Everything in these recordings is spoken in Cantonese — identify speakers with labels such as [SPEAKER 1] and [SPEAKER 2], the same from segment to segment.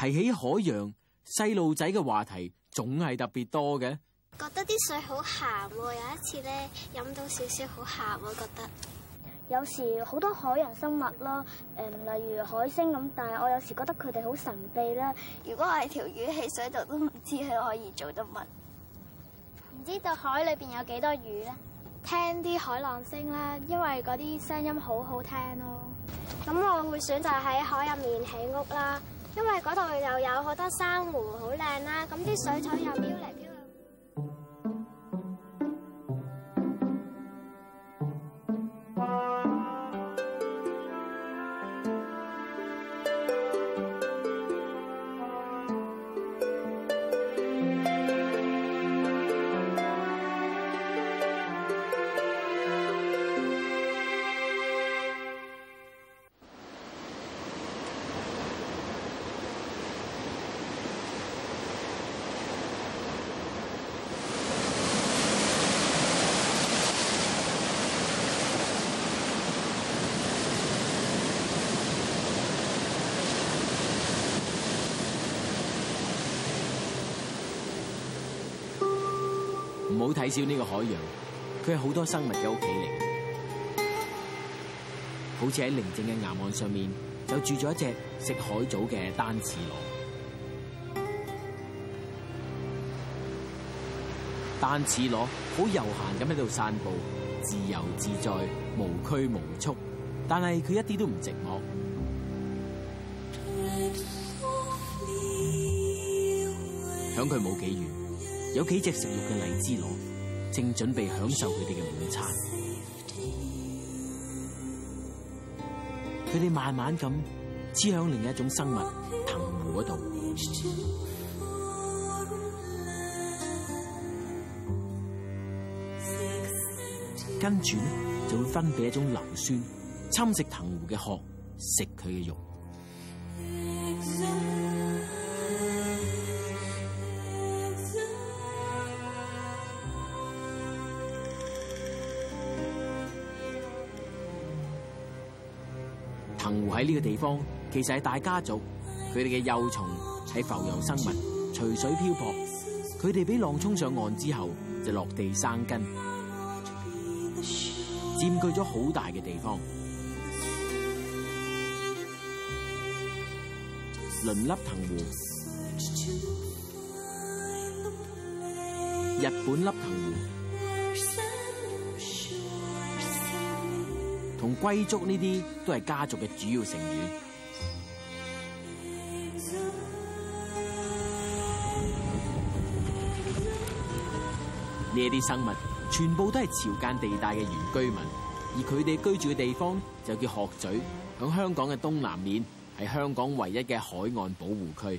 [SPEAKER 1] 提起海洋，細路仔嘅話題總係特別多嘅。
[SPEAKER 2] 覺得啲水好鹹，有一次咧飲到少少好鹹，我覺得。有時好多海洋生物咯，誒、呃，例如海星咁，但係我有時覺得佢哋好神秘啦。如果我係條魚喺水度，都唔知佢可以做得乜。唔知道海裏邊有幾多魚咧？聽啲海浪聲啦，因為嗰啲聲音好好聽咯。咁我會選擇喺海入面起屋啦。因為度又有好多珊瑚，好靚啦，咁啲水草又飄嚟飄。
[SPEAKER 1] 至少呢個海洋，佢係好多生物嘅屋企嚟。好似喺寧靜嘅岩岸上面，就住咗一隻食海藻嘅單齒螺。單齒螺好悠閒咁喺度散步，自由自在，無拘無束。但係佢一啲都唔寂寞。響佢冇幾遠，有幾隻食肉嘅荔枝螺。正準備享受佢哋嘅午餐，佢哋慢慢咁黐向另一種生物藤壺嗰度，跟住呢，就會分泌一種硫酸侵蝕，侵蝕藤壺嘅殼，食佢嘅肉。嘅地方其實係大家族，佢哋嘅幼蟲喺浮游生物隨水漂泊，佢哋俾浪沖上岸之後就落地生根，佔據咗好大嘅地方。輪笠藤壺，日本笠藤壺。同龜足呢啲都係家族嘅主要成員。呢啲生物全部都係潮間地帶嘅原居民，而佢哋居住嘅地方就叫鶴咀，響香港嘅東南面，係香港唯一嘅海岸
[SPEAKER 3] 保護區。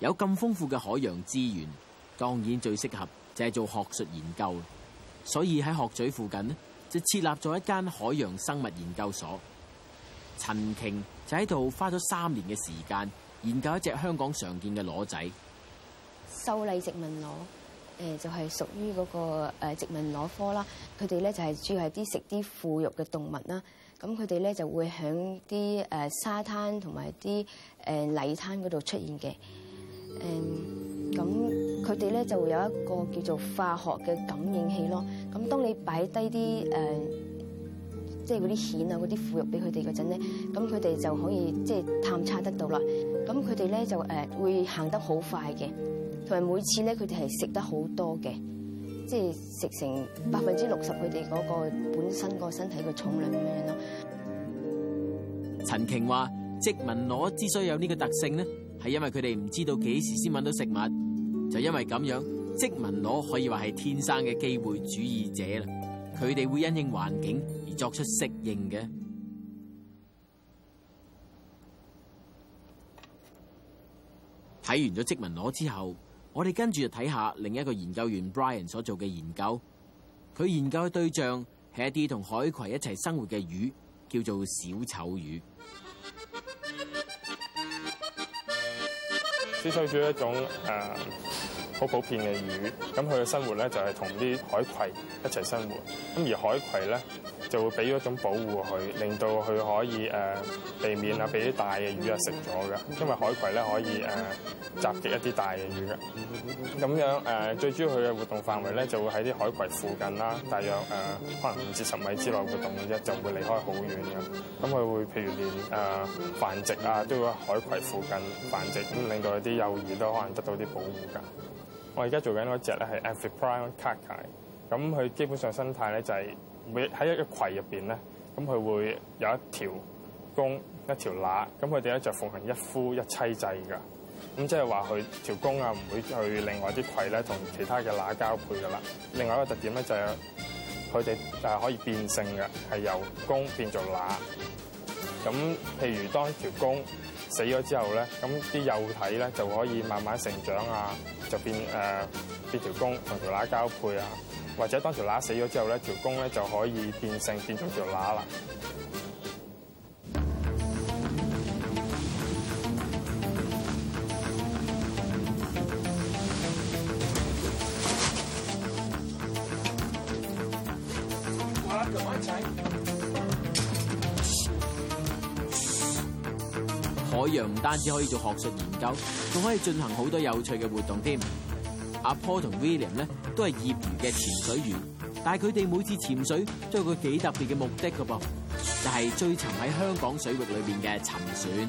[SPEAKER 1] 有咁豐富嘅海洋資源，當然最適合就係做學術研究。所以喺鶴咀附近呢，設立咗一間海洋生物研究所，陳瓊就喺度花咗三年嘅時間研究一隻香港常見嘅螺仔
[SPEAKER 2] 秀麗殖民螺，誒，就係屬於嗰個誒，殖民螺科啦。佢哋咧就係主要係啲食啲腐肉嘅動物啦。咁佢哋咧就會響啲誒，沙灘同埋啲誒，泥灘嗰度出現嘅。誒、嗯、咁。佢哋咧就會有一個叫做化學嘅感應器咯。咁當你擺低啲誒，即係嗰啲蜆啊嗰啲腐肉俾佢哋嗰陣咧，咁佢哋就可以即係、就是、探測得到啦。咁佢哋咧就誒、呃、會行得好快嘅，同埋每次咧佢哋係食得好多嘅，即係食成百分之六十佢哋嗰個本身個身體嘅重量咁樣
[SPEAKER 1] 咯。陳瓊話：即文螺之所以有呢個特性咧，係因為佢哋唔知道幾時先揾到食物。就因為咁樣，殖民螺可以話係天生嘅機會主義者啦。佢哋會因應環境而作出適應嘅。睇完咗殖民螺之後，我哋跟住就睇下另一個研究員 Brian 所做嘅研究。佢研究嘅對象係一啲同海葵一齊生活嘅魚，叫做小丑魚。
[SPEAKER 4] 小丑魚一種誒。Uh... 好普遍嘅魚，咁佢嘅生活咧就係同啲海葵一齊生活。咁而海葵咧就會俾一種保護佢，令到佢可以誒、呃、避免啊俾啲大嘅魚啊食咗嘅。因為海葵咧可以誒、呃、襲擊一啲大嘅魚嘅。咁樣誒、呃、最主要佢嘅活動範圍咧就會喺啲海葵附近啦，大約誒、呃、可能五至十米之內活動嘅啫，就會離開好遠嘅。咁佢會譬如連誒、呃、繁殖啊都會喺海葵附近繁殖，咁令到一啲幼魚都可能得到啲保護噶。我而家做緊嗰隻咧係 Amphiprion cater，咁佢基本上生態咧就係喺一個葵入邊咧，咁佢會有一條公一條乸，咁佢哋咧就奉行一夫一妻制噶，咁即係話佢條公啊唔會去另外啲葵咧同其他嘅乸交配噶啦。另外一個特點咧就係佢哋誒可以變性噶，係由公變做乸。咁譬如當條公死咗之後咧，咁啲幼體咧就可以慢慢成長啊，就變誒、呃、變條公同條乸交配啊，或者當條乸死咗之後咧，條公咧就可以變成變做條乸啦。
[SPEAKER 1] 海洋唔單止可以做學術研究，仲可以進行好多有趣嘅活動添。阿 Paul 同 William 咧都係業餘嘅潛水員，但係佢哋每次潛水都有佢幾特別嘅目的㗎噃，就係追尋喺香港水域裏面嘅沉
[SPEAKER 5] 船。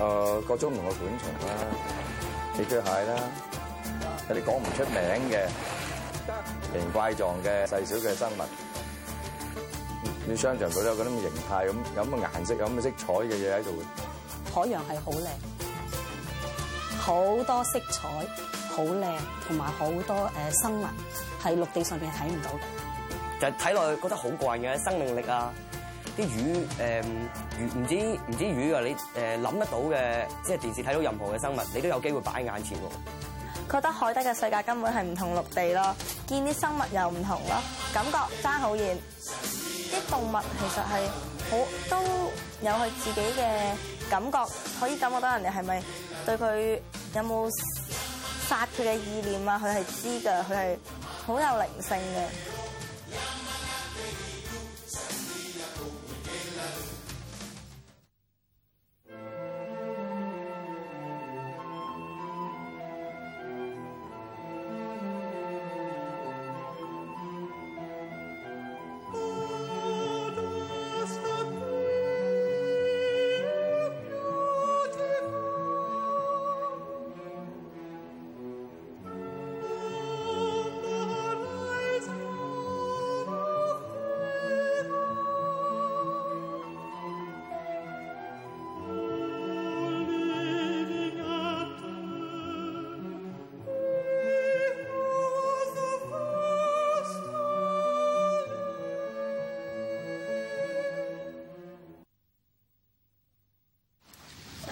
[SPEAKER 6] 誒、呃、各種唔同嘅管蟲啦、啊，企腳蟹啦，一啲講唔出名嘅奇形怪狀嘅細小嘅生物，啲商場都有嗰啲形態，咁有咁嘅顏色，有咁嘅色彩嘅嘢喺度。海洋係好靚，好多色彩，好靚，同埋好多誒生物喺陸地上面睇唔到嘅，
[SPEAKER 3] 就睇落去覺得好怪嘅生命力啊！啲魚誒、呃、魚唔知，唔知魚啊！你誒諗得到嘅，即係電視睇到任何嘅生物，你都有機會擺喺眼前喎。
[SPEAKER 2] 覺得海底嘅世界根本係唔同嘅陸地咯，見啲生物又唔同咯，感覺爭好遠。啲動物其實係好都有佢自己嘅。感覺可以感覺到人哋係咪對佢有冇殺佢嘅意念啊？佢係知㗎，佢係好有靈性嘅。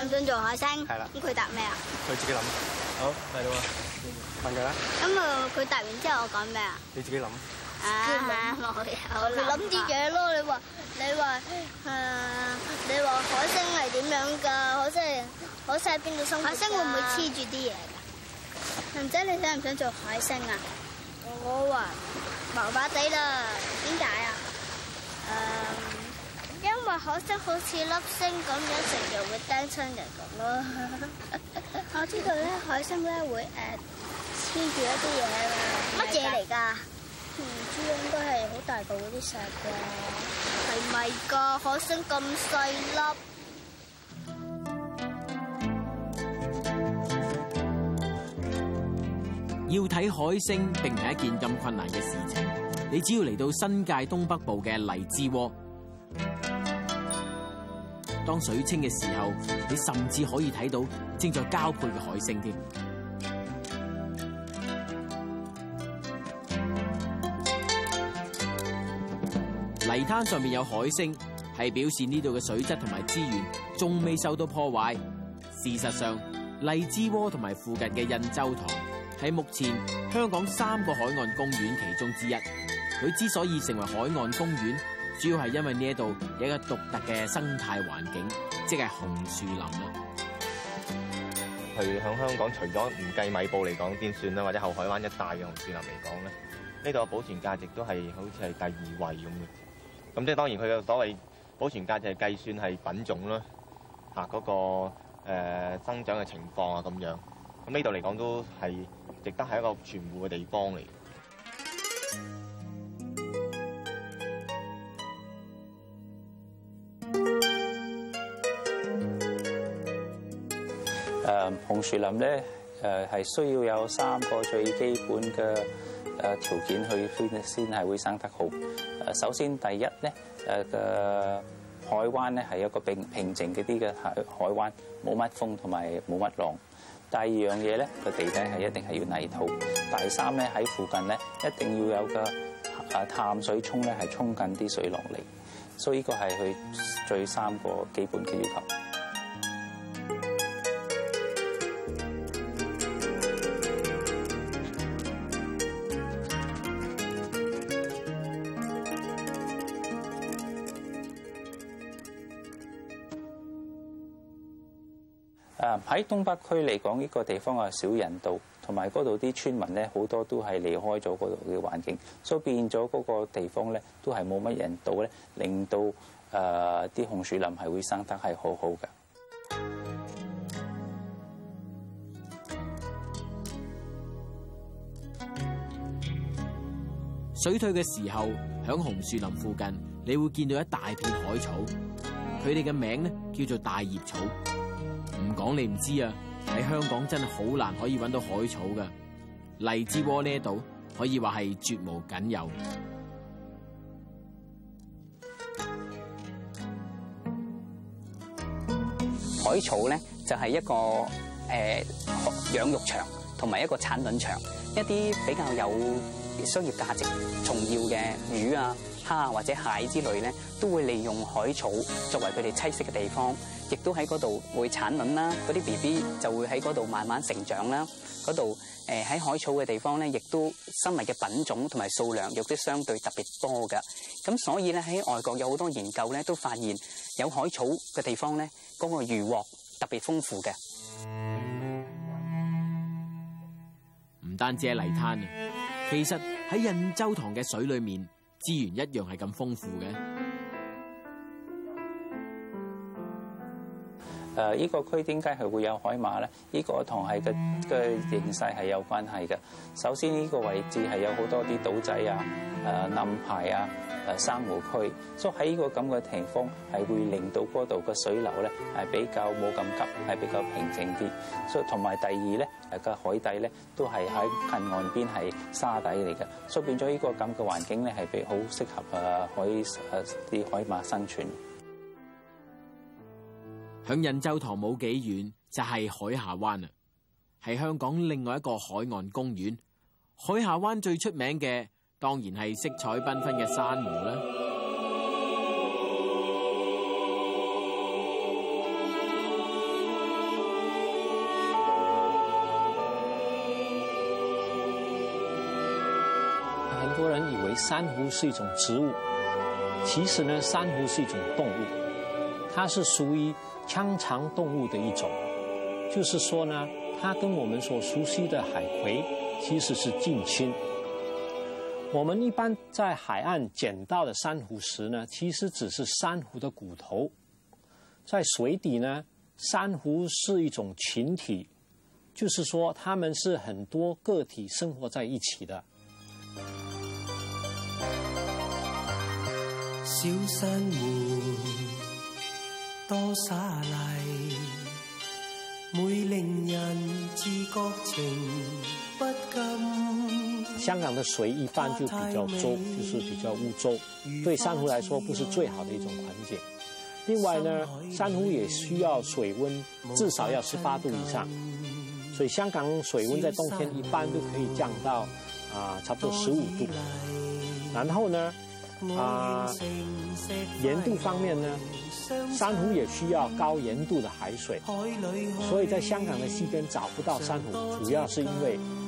[SPEAKER 2] 想做海星，係啦。咁佢答咩啊？
[SPEAKER 6] 佢自己
[SPEAKER 7] 諗，好係咯。
[SPEAKER 2] 問佢啦。咁啊，佢答完之後我講咩啊？
[SPEAKER 7] 你自己諗。
[SPEAKER 2] 啊，我有啦。你諗啲嘢咯。你話，你話，誒，你話海星係點樣噶？海星，海星邊度生？海星會唔會黐住啲嘢噶？林姐，你想唔想做海星啊？我話麻麻地啦，點解呀？誒。因為海星好似粒星咁樣食，就會叮親人咁咯。 我知道咧，海星咧會誒黐住一啲嘢啦。乜嘢嚟噶？珍珠應該係好大嚿嗰啲石嘅。係咪噶？海星咁細粒？
[SPEAKER 1] 要睇海星，並唔係一件咁困難嘅事情。你只要嚟到新界東北部嘅荔枝窩。當水清嘅時候，你甚至可以睇到正在交配嘅海星添。泥灘上面有海星，係表示呢度嘅水質同埋資源仲未受到破壞。事實上，荔枝窩同埋附近嘅印洲塘，係目前香港三個海岸公園其中之一。佢之所以成為海岸公園。主要係因為呢一度有一個獨特嘅生態環境，即係紅樹林啊。
[SPEAKER 3] 佢響香港除咗唔計
[SPEAKER 1] 米埔嚟講先算啦，或者後海灣一帶嘅紅樹林嚟講咧，呢度嘅保存價值都係好似係第二位咁嘅。咁即係當然佢嘅所謂保存價值係計算係品種啦，吓、那、嗰個誒增、呃、長嘅情況啊咁樣。咁呢度嚟講都係值得係一個存護嘅地方嚟。
[SPEAKER 6] 紅樹林咧，誒係需要有三個最基本嘅誒條件去先先係會生得好。誒首先第一咧，誒嘅海灣咧係一個平平靜嗰啲嘅海海灣，冇乜風同埋冇乜浪。第二樣嘢咧，個地底係一定係要泥土。第三咧，喺附近咧，一定要有個誒淡水沖咧係沖緊啲水落嚟。所以呢個係佢最三個基本嘅要求。誒喺東北區嚟講，呢、這個地方啊少人到，同埋嗰度啲村民咧好多都係離開咗嗰度嘅環境，所以變咗嗰個地方咧都係冇乜人到咧，令到誒啲、呃、紅樹林係會生得係好好嘅。
[SPEAKER 1] 水退嘅時候，響紅樹林附近，你會見到一大片海草，佢哋嘅名咧叫做大葉草。唔講你唔知啊，喺香港真係好難可以搵到海草噶，荔枝窩呢度可以話係絕無僅有。
[SPEAKER 6] 海草咧就係、是、一個誒，養、呃、育場同埋一個產卵場，一啲比較有商業價值、重要嘅魚啊。蝦或者蟹之類咧，都會利用海草作為佢哋棲息嘅地方，亦都喺嗰度會產卵啦。嗰啲 B B 就會喺嗰度慢慢成長啦。嗰度誒喺海草嘅地方咧，亦都生物嘅品種同埋數量亦都相對特別多㗎。咁所以咧喺外國有好多研究咧，都發現有海草嘅地方咧，嗰個魚獲特別豐富嘅。
[SPEAKER 1] 唔單止係泥灘啊，其實喺印洲塘嘅水裡面。
[SPEAKER 6] 資源一樣係咁豐富嘅。誒、呃，呢個區點解係會有海馬咧？呢個同係嘅嘅形勢係有關係嘅。首先，呢個位置係有好多啲島仔啊，誒、呃，冧排啊。誒、珊瑚區，所以喺呢個咁嘅停風，係會令到嗰度嘅水流咧係比較冇咁急，係比較平靜啲。所以同埋第二咧，個海底咧都係喺近岸邊係沙底嚟嘅，所以變咗呢個咁嘅環境咧係比較適合誒海誒啲海馬生存。
[SPEAKER 1] 響印洲塘冇幾遠就係海下灣啦，係香港另外一個海岸公園。海下灣最出名嘅。當然係色彩繽紛嘅珊瑚啦。
[SPEAKER 7] 很多人以為珊瑚是一種植物，其實呢，珊瑚是一種動物，它是屬於腔腸動物的一種，就是說呢，它跟我們所熟悉的海葵其實是近親。我們一般在海岸撿到的珊瑚石呢，其實只是珊瑚的骨頭。在水底呢，珊瑚是一種群體，就是說他們是很多個體生活在一起的。小珊瑚，多沙麗，每令人自覺情
[SPEAKER 1] 不禁。
[SPEAKER 7] 香港的水一般就比較濁，就是比較污濁，對珊瑚來說不是最好的一種環境。另外呢，珊瑚也需要水溫至少要十八度以上，所以香港水溫在冬天一般都可以降到啊、呃、差不多十五度。然後呢，啊、呃、鹽度方面呢，珊瑚也需要高鹽度的海水，所以在香港的西邊找不到珊瑚，主要是因為。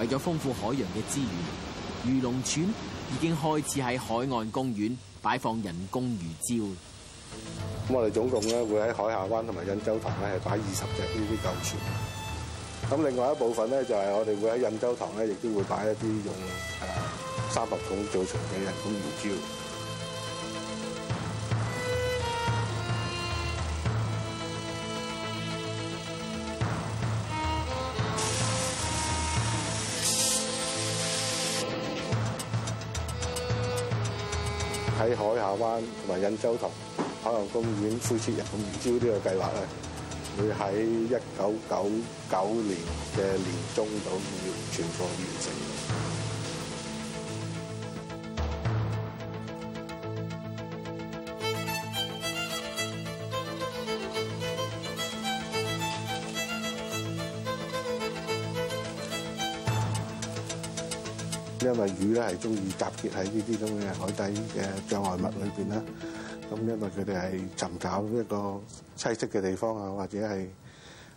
[SPEAKER 1] 為咗豐富海洋嘅資源，漁農署已經開始喺海岸公園擺放人工魚礁。
[SPEAKER 3] 我哋總共咧會喺海下灣同埋印洲塘咧係擺二十隻呢啲舊船。咁另外一部分咧就係我哋會喺印洲塘咧亦都會擺一啲用誒沙石桶做成嘅人工魚礁。喺海下灣同埋印洲塘，海洋公園恢復引入魚礁呢個計劃咧，會喺一九九九年嘅年中度全部完成。魚咧係中意集結喺呢啲咁嘅海底嘅障礙物裏邊啦，咁因為佢哋係尋找一個棲息嘅地方啊，或者係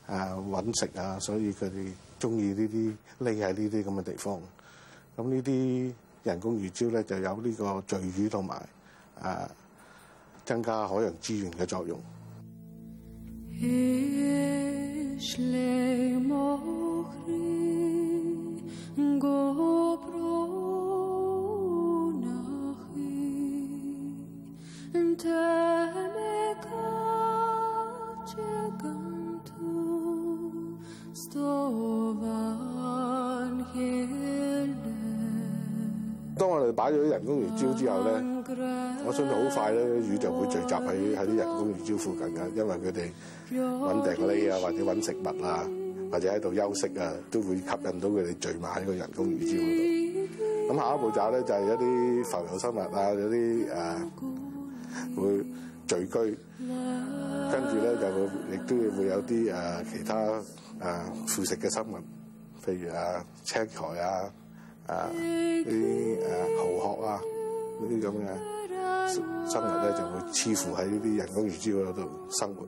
[SPEAKER 3] 啊搵食啊，所以佢哋中意呢啲匿喺呢啲咁嘅地方。咁呢啲人工魚礁咧就有呢個聚魚同埋啊增加海洋資源嘅作用。 當我哋擺咗啲人工魚礁之後咧，我相信好快咧，魚就會聚集喺喺啲人工魚礁附近噶，因為佢哋穩定嗰啲啊，或者搵食物啊，或者喺度休息啊，都會吸引到佢哋聚埋喺個人工魚礁嗰度。咁下一步就咧，就係一啲浮游生物啊，有啲誒。呃會聚居，跟住咧就會亦都會有啲、呃、其他誒腐食嘅生物，譬如啊青苔啊啊啲誒、啊、蠔殼啊呢啲咁嘅生物咧就會黐附喺呢啲人工魚礁度生活，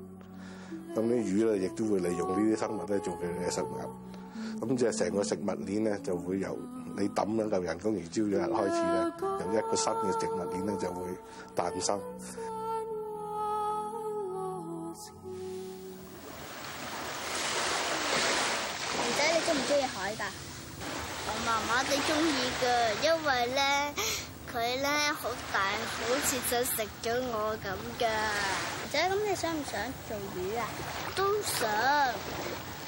[SPEAKER 3] 咁啲魚咧亦都會利用呢啲生物咧做佢哋嘅食物，咁即係成個食物鏈咧就會有。你抌兩嚿人工魚礁入去開始咧，由一個新嘅植物園咧就會誕生。仔，你中唔
[SPEAKER 2] 中意海噶？我麻麻地中意嘅，因為咧佢咧好大，好似想食咗我咁噶。仔，咁你想唔想做魚啊？都想，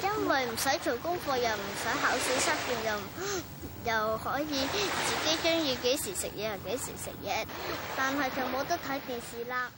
[SPEAKER 2] 因為唔使做功課，又唔使考試失分，又唔～又可以自己中意幾時食嘢就幾時食嘢，但係就冇得睇電視啦。